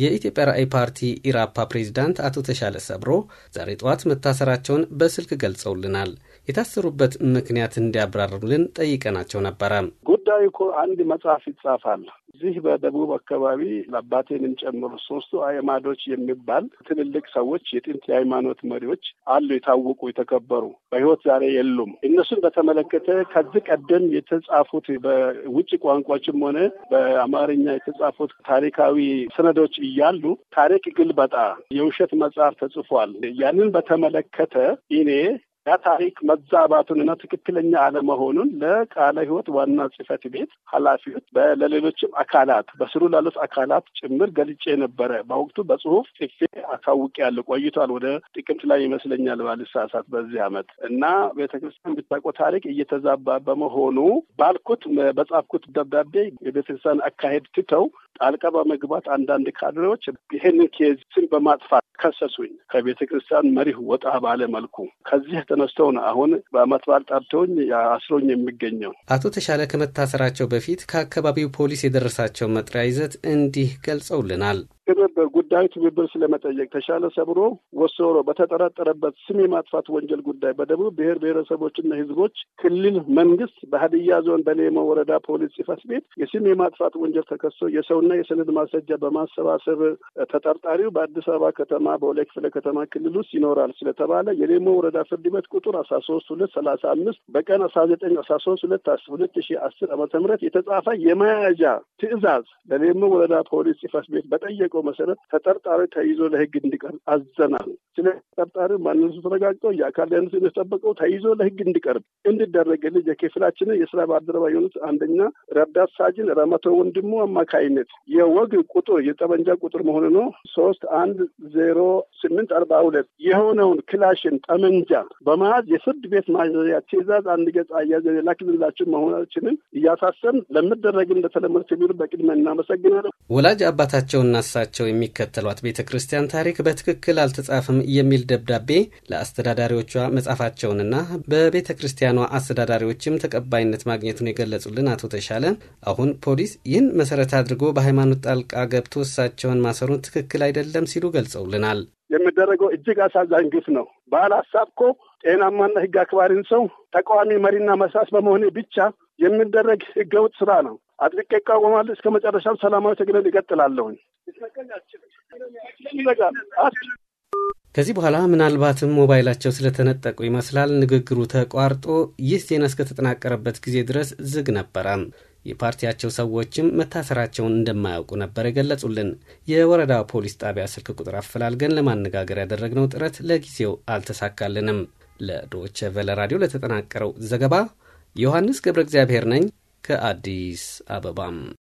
የኢትዮጵያ ራእይ ፓርቲ ኢራፓ ፕሬዚዳንት አቶ ተሻለ ሰብሮ ዛሬ ጠዋት መታሰራቸውን በስልክ ገልጸውልናል። የታሰሩበት ምክንያት እንዲያብራሩልን ጠይቀናቸው ነበረ። ጉዳዩ እኮ አንድ መጽሐፍ ይጻፋል። እዚህ በደቡብ አካባቢ አባቴንም ጨምሮ ሶስቱ አይማዶች የሚባል ትልልቅ ሰዎች የጥንት የሃይማኖት መሪዎች አሉ፣ የታወቁ የተከበሩ፣ በህይወት ዛሬ የሉም። እነሱን በተመለከተ ከዚህ ቀደም የተጻፉት በውጭ ቋንቋችም ሆነ በአማርኛ የተጻፉት ታሪካዊ ሰነዶች እያሉ ታሪክ ግልበጣ የውሸት መጽሐፍ ተጽፏል። ያንን በተመለከተ እኔ ያ ታሪክ መዛባቱንና ትክክለኛ አለመሆኑን ለቃለ ሕይወት ዋና ጽሕፈት ቤት ኃላፊዎች ለሌሎችም አካላት በስሩ ላሉት አካላት ጭምር ገልጬ ነበረ። በወቅቱ በጽሁፍ ጽፌ ያለ ቆይቷል። ወደ ጥቅምት ላይ ይመስለኛል ባልሳሳት በዚህ ዓመት እና ቤተ ክርስቲያን ብታውቀው ታሪክ እየተዛባ በመሆኑ ባልኩት በጻፍኩት ደብዳቤ የቤተክርስቲያን አካሄድ ትተው ጣልቃ በመግባት አንዳንድ ካድሬዎች ይህንን ኬዝን በማጥፋት ከሰሱኝ ከቤተ ክርስቲያን መሪህ ወጣ ባለ መልኩ። ከዚህ ተነስተው ነው አሁን በአመት በዓል ጠርተውኝ አስሮኝ የሚገኘው። አቶ ተሻለ ከመታሰራቸው በፊት ከአካባቢው ፖሊስ የደረሳቸው መጥሪያ ይዘት እንዲህ ገልጸውልናል። ትብብር ጉዳዩ ትብብር ስለመጠየቅ ተሻለ ሰብሮ ወሰሮ በተጠረጠረበት ስም የማጥፋት ወንጀል ጉዳይ በደቡብ ብሔር ብሔረሰቦችና ህዝቦች ክልል መንግስት በሀዲያ ዞን በሌሞ ወረዳ ፖሊስ ጽፈት ቤት የስም የማጥፋት ወንጀል ተከሶ የሰውና የሰነድ ማስረጃ በማሰባሰብ ተጠርጣሪው በአዲስ አበባ ከተማ በቦሌ ክፍለ ከተማ ክልል ውስጥ ይኖራል ስለተባለ የሌሞ ወረዳ ፍርድ ቤት ቁጥር አስራ ሶስት ሁለት ሰላሳ አምስት በቀን አስራ ዘጠኝ አስራ ሶስት ሁለት ሁለት ሺ አስር አመተ ምህረት የተጻፈ የመያዣ ትዕዛዝ ለሌሞ ወረዳ ፖሊስ ጽፈት ቤት በጠየቁ በተጠየቀው መሰረት ተጠርጣሪ ተይዞ ለህግ እንዲቀርብ አዘናል። ስለ ተጠርጣሪ ማንነቱ ተረጋግጦ የአካል ደህንነቱ የተጠበቀው ተይዞ ለህግ እንዲቀርብ እንዲደረግልን የክፍላችንን የስራ ባልደረባ የሆኑት አንደኛ ረዳት ሳጅን ረመቶ ወንድሙ አማካይነት የወግ ቁጥር የጠመንጃ ቁጥር መሆኑ ነው ሶስት አንድ ዜሮ ስምንት አርባ ሁለት የሆነውን ክላሽን ጠመንጃ በመያዝ የፍርድ ቤት ማዘዣ ትእዛዝ አንድ ገጽ አያዘ ላክልላችሁ መሆናችንን እያሳሰብን ለምደረግ እንደተለመደ ሲቪሉ በቅድመ እናመሰግናለን። ወላጅ አባታቸውና እሳቸው የሚከተሏት ቤተ ክርስቲያን ታሪክ በትክክል አልተጻፈም የሚል ደብዳቤ ለአስተዳዳሪዎቿ መጻፋቸውንና በቤተ ክርስቲያኗ አስተዳዳሪዎችም ተቀባይነት ማግኘቱን የገለጹልን አቶ ተሻለ አሁን ፖሊስ ይህን መሰረት አድርጎ በሃይማኖት ጣልቃ ገብቶ እሳቸውን ማሰሩን ትክክል አይደለም ሲሉ ገልጸውልናል። የሚደረገው እጅግ አሳዛኝ ግፍ ነው። ባል ሀሳብ እኮ ጤናማና ህግ አክባሪን ሰው ተቃዋሚ መሪና መሳስ በመሆኔ ብቻ የሚደረግ ህገወጥ ስራ ነው። አጥብቄ እቃወማለሁ። እስከ መጨረሻም ሰላማዊ ትግልን ይቀጥላለሁኝ። ከዚህ በኋላ ምናልባትም ሞባይላቸው ስለተነጠቁ ይመስላል ንግግሩ ተቋርጦ ይህ ዜና እስከተጠናቀረበት ጊዜ ድረስ ዝግ ነበረ የፓርቲያቸው ሰዎችም መታሰራቸውን እንደማያውቁ ነበር የገለጹልን። የወረዳ ፖሊስ ጣቢያ ስልክ ቁጥር አፈላልገን ለማነጋገር ያደረግነው ጥረት ለጊዜው አልተሳካልንም። ለዶቸ ቨለ ራዲዮ ለተጠናቀረው ዘገባ ዮሐንስ ገብረ እግዚአብሔር ነኝ። ከአዲስ አበባም